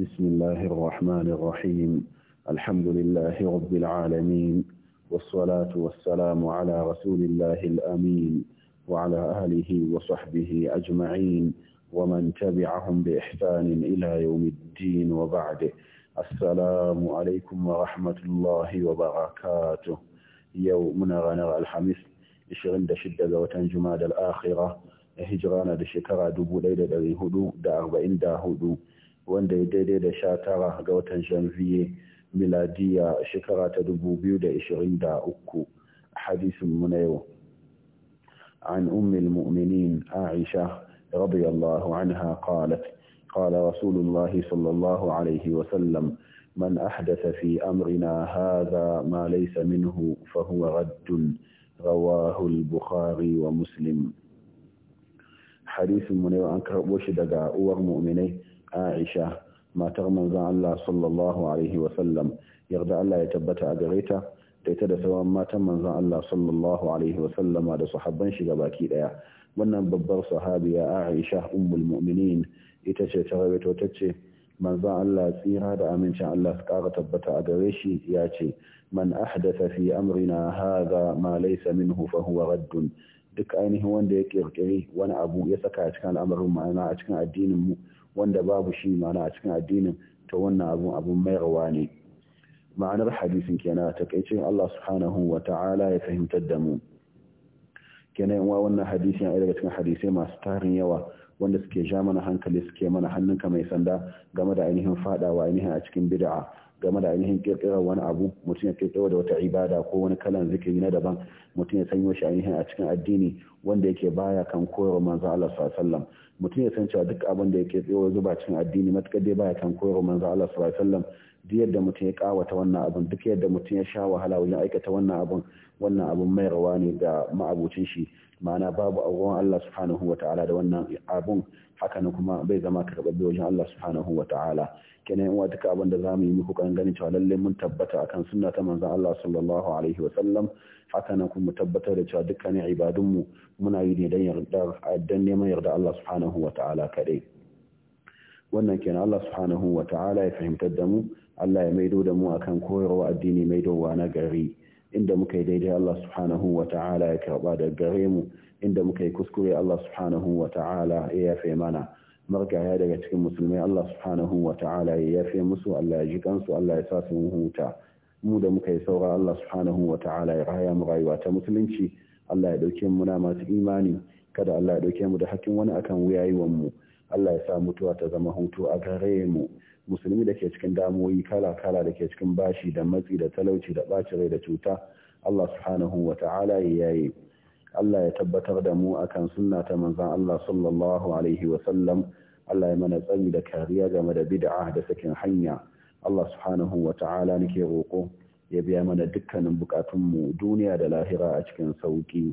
بسم الله الرحمن الرحيم الحمد لله رب العالمين والصلاة والسلام على رسول الله الأمين وعلى آله وصحبه أجمعين ومن تبعهم بإحسان إلى يوم الدين وبعده السلام عليكم ورحمة الله وبركاته يومنا غنر الحميس إشغل دشدة وتنجماد الآخرة هجرانا دشكرة دبو ليلة دهدو دا أربعين دهدو دا wanda ya daidai da sha tara ga watan janvier miladiya shekara ta dubu biyu da ishirin da uku hadisin mu na yau an ummin mu'minin aisha radiyallahu anha qalat qala rasulullahi sallallahu alaihi wasallam من أحدث في أمرنا هذا ما ليس منه فهو رد رواه البخاري ومسلم حديث من أنكر وشدق أور مؤمنين Aisha matar manzon Allah sallallahu alaihi wa sallam yarda Allah ya tabbata a gare ta da ita da sauran matan manzon Allah sallallahu alaihi wa sallama da sahabban shi baki daya wannan babbar sahabiya Aisha ummul mu'minin ita ce ta rawaito tace manzon Allah tsira da amincin Allah su ƙara tabbata a gare shi ya ce man ahdatha fi amrina hadha ma laysa minhu fa huwa raddun duk ainihin wanda ya ƙirƙiri wani abu ya saka a cikin al'amarin ma'ana a cikin addinin mu wanda babu shi ma'ana a cikin addinin ta wannan abu abun mai rawa ne ma'anar hadisin kenan ta takaicin Allah subhanahu wa ta'ala ya fahimtar da mu kenan yawa wannan hadisi yana daga cikin hadisai masu tarin yawa wanda suke ja mana hankali suke mana hannunka mai sanda game da ainihin fadawa ainihin a cikin bid'a game da ainihin kirkirar wani abu mutum ya kirkiro da wata ibada ko wani kalan zikiri na daban mutum ya sanyo shi ainihin a cikin addini wanda yake baya kan koyarwa manzo Allah sallallahu alaihi wasallam mutum ya san cewa duk abin da yake tsiro zuba cikin addini matakar dai baya kan koyarwa manzo Allah sallallahu alaihi wasallam duk yadda mutum ya kawata wannan abin duk yadda mutum ya sha wahala wajen aikata wannan abin wannan abin mai rawa ne ga ma'abucin shi ma'ana babu abubuwan Allah subhanahu wa ta'ala da wannan abun haka kuma bai zama karɓaɓɓe wajen Allah subhanahu wa ta'ala kenan yan duka abin da zamu yi muku kan ganin cewa lallai mun tabbata akan sunna ta manzan Allah sallallahu alaihi wa sallam haka na kuma tabbatar da cewa dukkanin ibadun mu muna yi ne dan neman yarda Allah subhanahu wa ta'ala kadai wannan kenan Allah subhanahu wa ta'ala ya fahimtar da mu Allah ya maido da mu akan koyarwa addini maidowa na gari inda muka yi daidai Allah subhanahu wa ta'ala ya karɓa da gare mu inda muka yi kuskure Allah subhanahu wa ta'ala ya yafe mana margaya daga cikin musulmai Allah subhanahu wa ta'ala ya yafe musu Allah ya ji kansu Allah ya sa su huta mu da muka yi saura Allah subhanahu wa ta'ala ya raya mu rayuwa ta musulunci Allah ya dauke mu na masu imani kada Allah ya dauke mu da hakkin wani akan wuyayiwan mu Allah ya sa mutuwa ta zama hutu a gare mu musulmi da ke cikin damoyi kala-kala da ke cikin bashi da matsi da talauci da ɓacin rai da cuta Allah subhanahu wa ta'ala ya yayi Allah ya tabbatar da mu akan sunna ta manzon Allah sallallahu alaihi wa sallam Allah ya mana tsari da kariya game da bid'a da sakin hanya Allah subhanahu wa ta'ala nake roƙo ya biya mana dukkanin buƙatunmu duniya da lahira a cikin sauki